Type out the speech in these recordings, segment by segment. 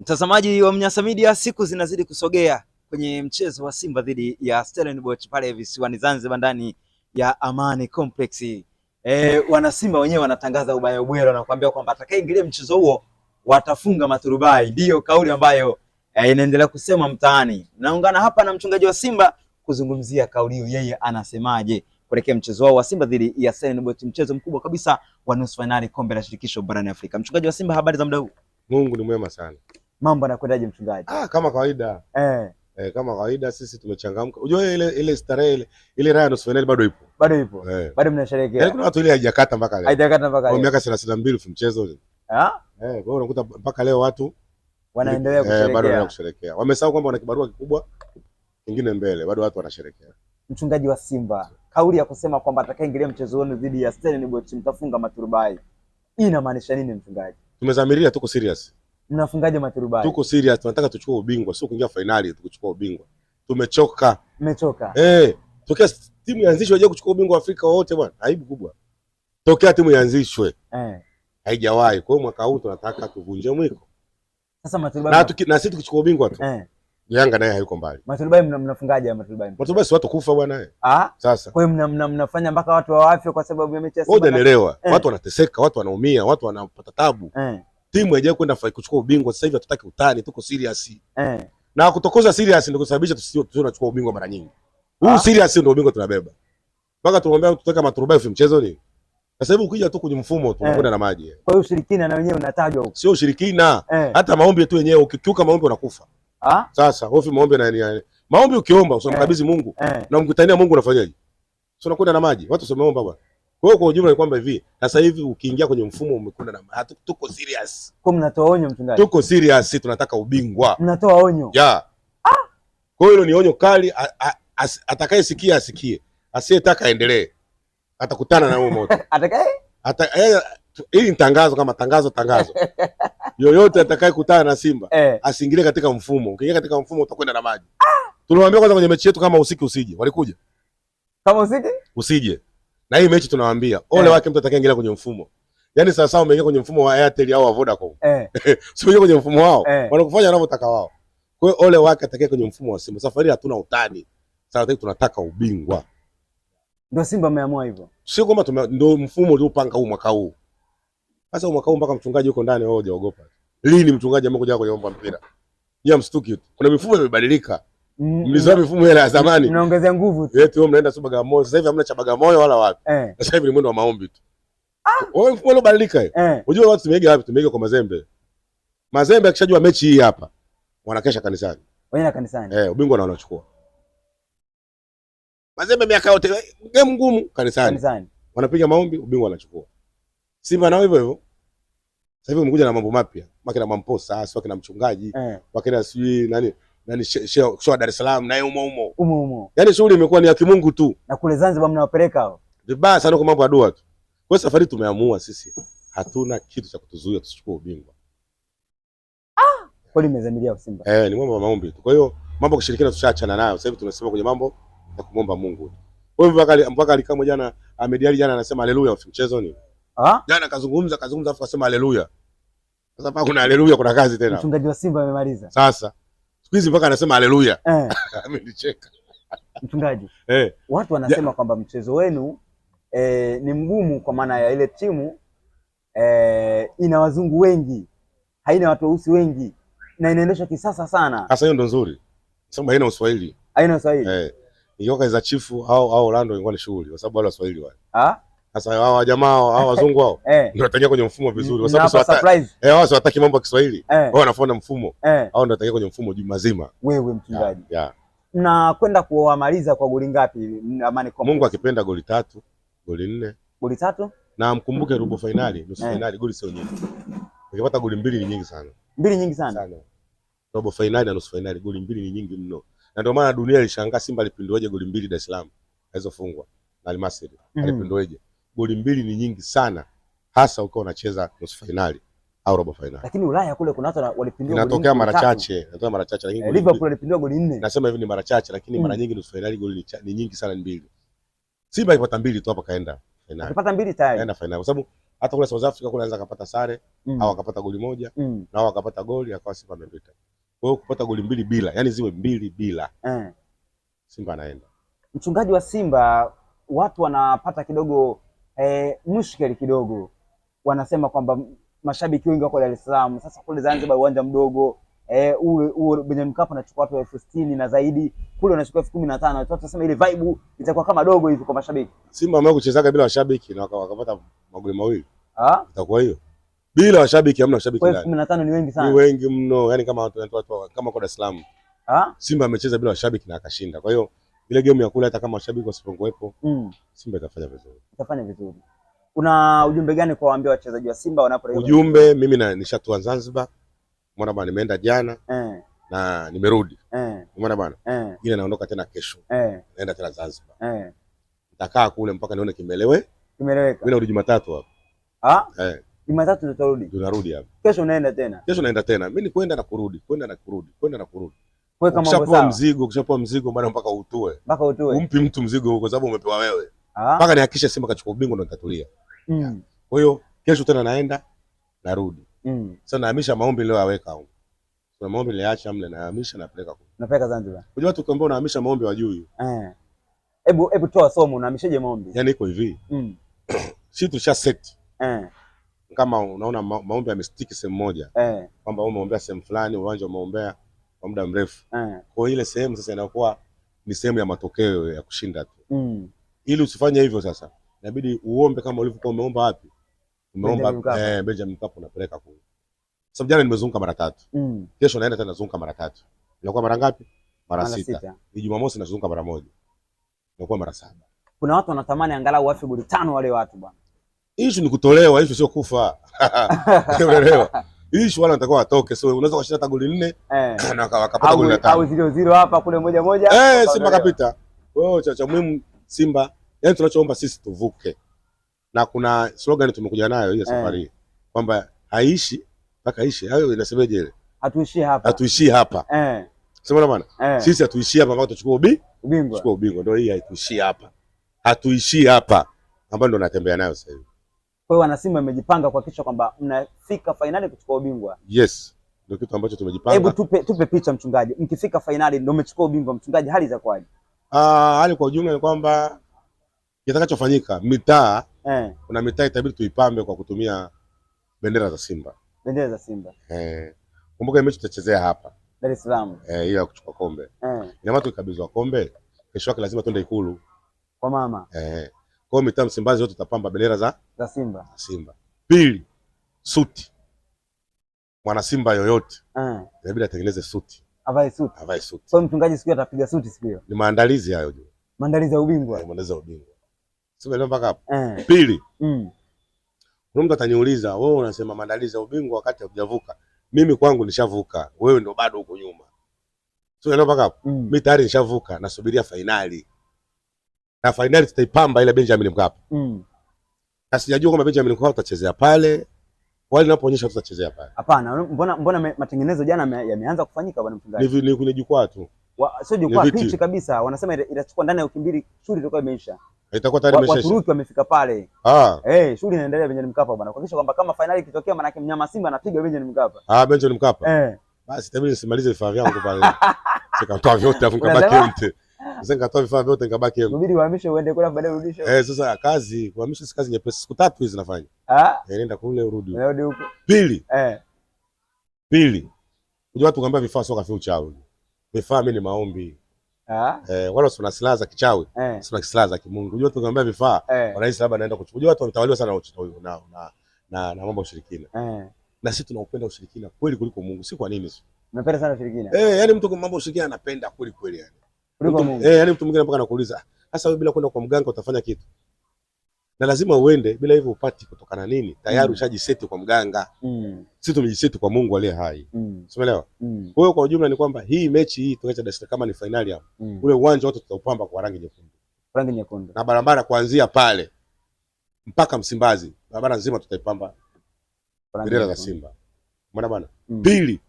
Mtazamaji wa Mnyasa Media, siku zinazidi kusogea kwenye mchezo wa Simba dhidi ya Stellenbosch pale visiwani Zanzibar ndani ya Amani Complex. Eh, wana Simba wenyewe wanatangaza ubaya ubwero na kuambia kwamba atakayeingilia mchezo huo watafunga maturubai. Ndiyo kauli ambayo e, inaendelea kusema mtaani. Naungana hapa na mchungaji wa Simba kuzungumzia kauli hiyo, yeye anasemaje kuelekea mchezo wao wa Simba dhidi ya Stellenbosch, mchezo mkubwa kabisa wa nusu fainali kombe la shirikisho barani Afrika. Mchungaji wa Simba, habari za muda huu? Mungu ni mwema sana mambo yanakwendaje mchungaji? Ah, kama kawaida eh. Eh, kama kawaida sisi tumechangamka. Unajua ile ile starehe ile ile raha nusu finali bado ipo. Bado ipo. Eh. Bado mnasherehekea. Yaani kuna watu ile haijakata mpaka leo. Haijakata mpaka leo. Kwa miaka 32 mchezo ule. Ah? Eh, kwa hiyo unakuta mpaka leo watu wanaendelea kusherehekea. Eh, bado wanaendelea kusherehekea. Wamesahau kwamba wana kibarua kikubwa kingine mbele, bado watu wanasherehekea. Mchungaji wa Simba, kauli ya kusema kwamba atakayeingilia mchezo wenu dhidi ya Stellenbosch mtafunga maturubai. Hii inamaanisha nini mchungaji? Tumezamiria tuko serious. Mnafungaje maturubai? Tuko serious, tunataka tuchukue ubingwa, sio kuingia finali tu, kuchukua ubingwa. Tumechoka. Mmechoka. Eh, tokea timu ianzishwe haja kuchukua ubingwa wa Afrika wote bwana. Aibu kubwa. Tokea timu ianzishwe. Eh. Haijawahi. Kwa hiyo mwaka huu tunataka tuvunje mwiko. Sasa maturubai. Na, tuki, na sisi tukichukua ubingwa tu. Eh. Yanga naye hayuko mbali. Maturubai mnafungaje mna maturubai? Maturubai si watu kufa bwana eh. Ah? Sasa. Kwa hiyo mna, mna, mnafanya mpaka watu waafya kwa sababu ya mechi ya Simba. Hujanielewa. Eh. Watu wanateseka, watu wanaumia, watu wanapata tabu. Eh timu haijawahi kwenda kuchukua ubingwa. Sasa hivi hatutaki utani, tuko serious eh. Na kutokoza serious ndio kusababisha tusio tunachukua ubingwa mara nyingi. Huu ah. serious ndio ubingwa tunabeba mpaka tunamwambia tutaka maturubai mchezo ni sasa hivi. Ukija tu kwenye mfumo tu eh. unakwenda na maji. Kwa hiyo ushirikina na wenyewe unatajwa huko, sio ushirikina eh. Hata maombi tu wenyewe ukikiuka maombi unakufa. Ah, sasa hofu maombi na yani maombi ukiomba usimkabidhi eh. Mungu eh. na mkutania Mungu unafanyaje? Sio unakwenda na maji watu, sio maomba bwana kwa hiyo kwa ujumla ni kwamba hivi sasa hivi ukiingia kwenye mfumo umekwenda na hatu, tuko serious. Kwa mnatoa onyo mchungaji. Tuko serious, tunataka ubingwa. Mnatoa onyo. Yeah. Ah. Kwa hiyo ni onyo kali atakayesikia asikie. Asiyetaka aendelee. Atakutana na huo moto. Atakaye? Ata, eh, hii ni tangazo kama tangazo tangazo. Yoyote atakayekutana na Simba eh, asiingilie katika mfumo. Ukiingia katika mfumo utakwenda na maji. Ah. Tuliwaambia kwanza kwenye mechi yetu kama usiki usije. Walikuja. Kama usiki? Usije na hii mechi tunawaambia ole yeah. wake mtu atakayeingia kwenye mfumo yani sasa sawa umeingia kwenye mfumo wa Airtel au wa Vodacom eh. sio kwenye mfumo wao eh. wanakufanya wanavyotaka wao kwa hiyo ole wake atakaye kwenye mfumo wa Simba safari hatuna utani sasa tunataka ubingwa ndio Simba ameamua hivyo sio kwamba ndio mfumo uliopanga huu mwaka huu sasa mwaka huu mpaka mchungaji yuko ndani wao hujaogopa lini mchungaji amekuja kujaomba mpira yeye mstuki kuna mifumo imebadilika mlizoa mifumo ile ya zamani, mnaongezea nguvu tu. Eti wewe mnaenda sio Bagamoyo sasa hivi, hamna cha Bagamoyo wala wapi. Eh. Sasa hivi ni mwendo wa maombi tu. Ah, Wewe mfumo ule badilika hiyo. eh. Unajua watu tumeiga wapi? Tumeiga kwa Mazembe. Mazembe akishajua mechi hii hapa, wanakesha kanisani, wanaenda kanisani, eh, ubingwa na wanachukua. Mazembe miaka yote game ngumu kanisani, kanisani wanapiga maombi, ubingwa wanachukua. Simba nao hivyo hivyo. Sasa hivi umekuja na mambo mapya, wakina Mamposa, sio wakina mchungaji, eh. wakina sijui nani nani sio sheo Dar es Salaam na umo umo umo umo, yani shughuli imekuwa ni ya kimungu tu. Na kule Zanzibar mnawapeleka hao vibaya sana kwa mambo ya dua tu. Kwa safari tumeamua sisi, hatuna kitu cha kutuzuia tusichukue ubingwa. Ah, kweli mmezamilia Simba eh, ni mambo ya maombi tu. Kwa hiyo mambo kushirikiana tushaachana nayo sasa hivi, tunasema kwenye mambo ya kumomba Mungu. Kwa hiyo mpaka mpaka alikamwe jana, Ahmed Ali jana anasema haleluya mchezo ni ah, jana kazungumza kazungumza, afu akasema haleluya. Sasa hapa kuna haleluya, kuna kazi tena. Mchungaji wa Simba amemaliza sasa siku hizi mpaka anasema haleluya eh. amenicheka mchungaji eh. watu wanasema yeah. kwamba mchezo wenu eh, ni mgumu kwa maana ya ile timu eh, ina wazungu wengi haina watu weusi wengi na inaendeshwa kisasa sana. Sasa hiyo ndo nzuri, sababu haina Uswahili, haina Uswahili eh. Ingekuwa kazi za chifu au au Orlando ingekuwa ni shughuli, kwa sababu wale Waswahili wale ah sasa hawa jamaa hawa wazungu hao ndio wataingia kwenye mfumo vizuri, kwa sababu sio Eh, wao sio hawataki mambo ya Kiswahili, wao wanafuata mfumo, hao ndio wataingia kwenye mfumo juma zima. Wewe mchungaji, na kwenda kuwamaliza kwa goli ngapi? Amani kwa Mungu akipenda goli tatu, goli nne, goli tatu, na mkumbuke robo finali, nusu eh. finali, goli sio nyingi. Ukipata goli mbili ni nyingi sana, mbili nyingi sana, sana. Robo finali na nusu finali, goli mbili ni nyingi mno, na ndio maana dunia ilishangaa Simba alipinduaje goli mbili Dar es Salaam alizofungwa na Al Masry, mm-hmm. alipinduaje? goli mbili ni nyingi sana, hasa ukiwa unacheza nusu finali au robo finali. Lakini Ulaya kule kuna watu walipindua goli, inatokea mara chache, inatokea mara chache, lakini Liverpool alipindua goli nne. Nasema hivi ni mara chache, lakini mara mm. nyingi nusu finali goli ni nyingi sana, ni mbili. Simba ipata mbili tu hapa, kaenda finali, ipata mbili tayari kaenda finali kwa sababu hata kule South Africa kule anaweza kapata sare mm. au akapata goli moja mm. na au akapata goli akawa Simba amepita. Kwa hiyo kupata goli mbili bila, yani ziwe mbili bila mm. Simba anaenda. Mchungaji wa Simba, watu wanapata kidogo eh, mushkeli kidogo. Wanasema kwamba mashabiki wengi wako Dar es Salaam, sasa kule Zanzibar uwanja mdogo eh, ule huo Benjamin Mkapa anachukua watu elfu sitini na zaidi, kule anachukua elfu kumi na tano. Watu wanasema ile vibe itakuwa kama dogo hivi kwa mashabiki. Simba ambao kuchezaga bila washabiki na wakapata magoli mawili, ah, itakuwa hiyo bila washabiki, hamna washabiki Elfu kumi na tano ni wengi sana, ni wengi mno, yani kama watu kama kwa Dar es Salaam, ah, Simba amecheza bila washabiki na akashinda, kwa hiyo ile game ya kule, hata kama washabiki wasipokuwepo mm. Simba itafanya vizuri, itafanya vizuri. Una ujumbe gani kwa waambia wachezaji wa Simba wanaporejea? Ujumbe mimi na nishatua Zanzibar, umeona bwana, nimeenda jana eh. na nimerudi eh. umeona bwana eh. ile naondoka tena kesho eh. naenda tena Zanzibar eh. nitakaa kule mpaka nione kimelewe kimeleweka. Mimi narudi Jumatatu hapo ah eh. Jumatatu tutarudi, tunarudi hapo kesho, naenda tena kesho, naenda tena mimi ni kwenda na kurudi, kwenda na kurudi, kwenda na kurudi kuweka mambo sawa. Mzigo ukishapewa mzigo bado mpaka utue, mpaka utue, umpi mtu mzigo kwa sababu umepewa wewe, ah. mpaka nihakikishe Simba kachukua ubingwa ndo nitatulia. Mm. Kwa hiyo kesho tena naenda narudi. Mm. Sasa so, nahamisha maombi leo aweka huko. Kuna maombi niliacha mle nahamisha napeleka huko. Napeleka Zanzibar. Kwa watu kwamba unahamisha maombi wajui. Eh. Hebu hebu toa somo unahamishaje maombi? Yaani iko hivi. Mm. Sisi tulisha set. Eh. Kama unaona maombi yamestiki sehemu moja. Eh. Kwamba wewe umeombea sehemu fulani, uwanja umeombea kwa muda mrefu. Eh. Kwa ile sehemu sasa inakuwa ni sehemu ya matokeo ya kushinda tu. Mm. Ili usifanye hivyo sasa, inabidi uombe kama ulivyokuwa umeomba wapi? Umeomba eh, Benjamin Mkapa unapeleka kule. Sababu jana nimezunguka mara tatu. Mm. Kesho naenda tena nazunguka mara tatu. Inakuwa mara ngapi? Mara, sita. Ni Jumamosi nazunguka mara moja. Inakuwa mara saba. Kuna watu wanatamani angalau wafe goli tano wale watu bwana. Issue ni kutolewa, issue sio kufa. Unaelewa? hii shwala natakiwa watoke, so unaweza kushinda hata goli nne eh. na wakapata goli tatu au zero zero hapa kule moja moja eh, Simba kapita. Wewe cha cha muhimu Simba, yani tunachoomba sisi tuvuke, na kuna slogan tumekuja nayo hiyo eh. safari eh, kwamba haishi mpaka ishi. Hayo inasemeje ile? Hatuishii hapa, hatuishii hapa eh, sema bwana eh, sisi hatuishii hapa mpaka tuchukue ubi ubingwa, tuchukue ubingwa, ndio hii haituishii hapa, hatuishii hapa, ambayo ndio natembea nayo sasa hivi. Kwa hiyo wanasimba wamejipanga kuhakikisha kwamba mnafika fainali kuchukua ubingwa. Yes, ndio kitu ambacho tumejipanga. Hebu tupe, tupe picha mchungaji, mkifika fainali ndio mmechukua ubingwa mchungaji, hali za kwaje? Ah, hali kwa ujumla ni kwamba kitakachofanyika mitaa eh, kuna mitaa itabidi tuipambe kwa kutumia bendera za Simba, bendera za Simba eh. Kumbuka mechi tutachezea hapa Dar es Salaam eh, hiyo ya kuchukua kombe eh. Ina maana tukikabizwa kombe kesho yake lazima tuende Ikulu kwa mama eh kwa hiyo mitaa Msimbazi yote tutapamba bendera za za Simba. Simba. Pili, suti. Mwana Simba yoyote mm. inabidi atengeneze suti. Avae suti. Avae suti. Kwa so, mchungaji siku atapiga suti siku hiyo. Ni maandalizi hayo juu. Maandalizi ya ubingwa. Ni Maandalizi ya ubingwa. Sio mpaka hapo. Ah. Pili. Mm. Kuna mtu ataniuliza, wewe unasema maandalizi ya ubingwa wakati hujavuka. Mimi kwangu nishavuka. Wewe ndo bado uko nyuma. Sio mpaka hapo. Mm. Mimi tayari nishavuka, nasubiria fainali na finali tutaipamba ile Benjamin Mkapa. Mm. Na sijajua kwamba Benjamin Mkapa tutachezea pale. Wale napoonyesha tutachezea pale. Hapana, mbona mbona matengenezo jana yameanza kufanyika bwana mchungaji? Ni, ni kwenye jukwaa tu. Sio jukwaa pitch kabisa. Wanasema itachukua ndani ya wiki mbili shughuli itakuwa imeisha. Itakuwa tayari imeshaisha. Waturuki wamefika pale. Ah. Eh, hey, shughuli inaendelea Benjamin Mkapa bwana. Kuhakikisha kwamba kama finali ikitokea maana yake mnyama Simba anapiga Benjamin Mkapa. Ah, Benjamin Mkapa. Eh. Basi tabidi nisimalize vifaa vyangu pale. Sikatoa vyote afunga baki yote. Sasa nikatoa vifaa vyote nikabaki hivyo. Inabidi uhamishe uende kule baadaye urudishe. Eh, sasa kazi si kazi nyepesi. Siku tatu hizi nafanya. Ah. Eh, nenda kule urudi. huko. Pili. Eh. Pili. Unajua watu vifaa sio uchawi. Vifaa mimi ni maombi. Ah. Eh, wala silaha za kichawi, eh. silaha za kimungu. Unajua watu vifaa eh, wanahisi labda naenda kuchukua. Unajua watu wametawaliwa sana na na na, na mambo ya ushirikina. Eh. Na sisi tunaupenda ushirikina kweli kuliko Mungu. Si kwa nini? Napenda sana ushirikina. Eh, yani mtu kwa mambo ya ushirikina anapenda kweli kweli yani kuliko Mungu. Eh, yani mtu mwingine mpaka anakuuliza, sasa wewe bila kwenda kwa mganga utafanya kitu. Na lazima uende bila hivyo upati kutokana nini? Tayari mm. ushajiseti kwa mganga. Mm. Sisi tumejiseti kwa Mungu aliye hai. Mm. Umeelewa? Mm. Kwa hiyo kwa ujumla ni kwamba hii mechi hii tukacha Dar kama ni finali hapo. Mm. Ule uwanja wote tutaupamba kwa rangi nyekundu. Rangi nyekundu. Na barabara kuanzia pale mpaka Msimbazi, barabara nzima tutaipamba bendera za Simba. Umeona bwana? Mm. Pili,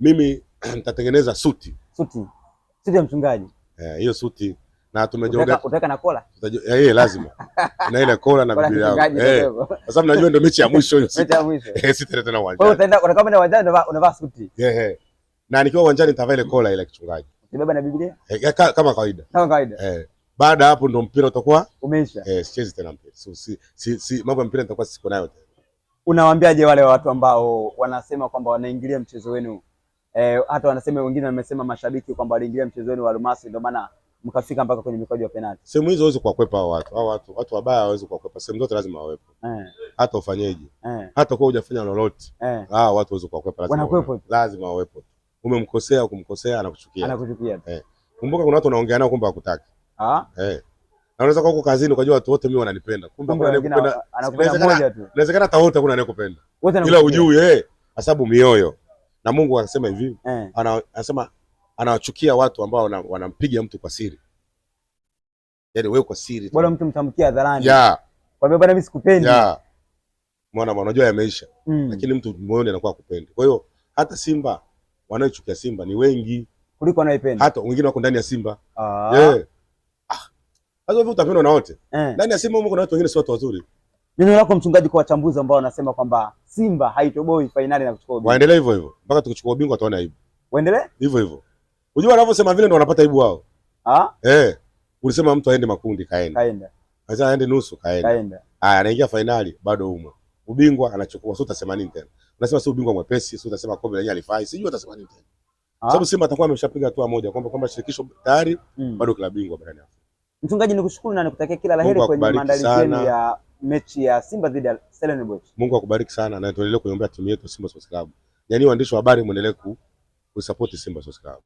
mimi nitatengeneza suti. Suti suti ya mchungaji Eh, hiyo suti na tumejoga utaweka na kola tutajua, eh, eh, lazima na ile kola na bibi yao eh, kwa sababu najua ndio mechi ya mwisho hiyo, mechi ya mwisho eh, sitaenda tena uwanjani. Kwa hiyo utaenda unakaa kwenda uwanjani unavaa suti eh eh, na nikiwa uwanjani nitavaa ile kola ile kichungaji, nibeba na Biblia eh, kama kawaida kama kawaida eh. Baada hapo ndio mpira utakuwa umeisha eh, sichezi tena mpira, so, si, si, si mambo ya mpira nitakuwa siko nayo tena. Unawaambiaje wale watu ambao wanasema kwamba wanaingilia mchezo wenu Eh, hata e, wanasema wengine wamesema mashabiki kwamba waliingilia mchezoni wa Almasi ndio maana mkafika mpaka kwenye mikwaju ya penalti. Sehemu hizo huwezi kuwakwepa hao watu. Hao watu watu wabaya hawawezi kuwakwepa. Sehemu zote lazima wawepo. Eh. Hata ufanyeje? Eh. Hata kwa hujafanya lolote. Eh. Ah, watu hawezi kuwakwepa lazima. Wanakwepo. Lazima wawepo. Umemkosea kumkosea anakuchukia. Anakuchukia. Eh. Kumbuka kuna watu wanaongea nao kumbe hakutaki. Ah. Eh. Na unaweza kwa huko kazini ukajua watu wote mimi wananipenda. Kumbe kuna anayekupenda. Anakupenda moja tu. Inawezekana hata wote kuna anayekupenda. Ila ujui eh. Asabu mioyo na Mungu anasema hivi eh, anasema anawachukia watu ambao wanampiga mtu kwa siri, yaani wewe kwa siri, bora mtu mtamkia hadharani yeah. Kwa hiyo bwana, mimi sikupendi yeah. Mwana mwana unajua yameisha mm. Lakini mtu moyoni anakuwa kupendi. Kwa hiyo hata Simba wanaochukia Simba ni wengi kuliko wanaoipenda, hata wengine wako ndani ya Simba ah. Yeah. Ah. Sasa hivi utapendwa na wote eh. Ndani ya Simba kuna watu wengine si watu wazuri. Neno lako mchungaji, kwa wachambuzi ambao wanasema kwamba Simba haitoboi fainali na kuchukua ubingwa, waendelee hivyo hivyo mpaka tukichukua ubingwa, tuone aibu, waendelee hivyo hivyo. Unajua wanavyosema vile, ndio wanapata aibu wao. Ah eh, ulisema mtu aende makundi, kaenda kaenda, Kaza aende nusu, kaenda kaenda, Ah, anaingia fainali, bado umo ubingwa anachukua, sio utasema nini tena? Unasema sio ubingwa mwepesi, sio utasema kombe lenyewe alifai, sijui utasema nini tena, Ah? sababu Simba atakuwa ameshapiga hatua moja kwamba kwamba shirikisho tayari, mm. bado klabu bingwa barani Afrika. Mchungaji, nikushukuru na nikutakia kila la heri kwenye maandalizi ya mechi ya Simba dhidi ya Stellenbosch. Mungu akubariki sana na tuendelee kuiombea timu yetu Simba Sports Club. Yaani waandishi wa habari muendelee support Simba Sports Club.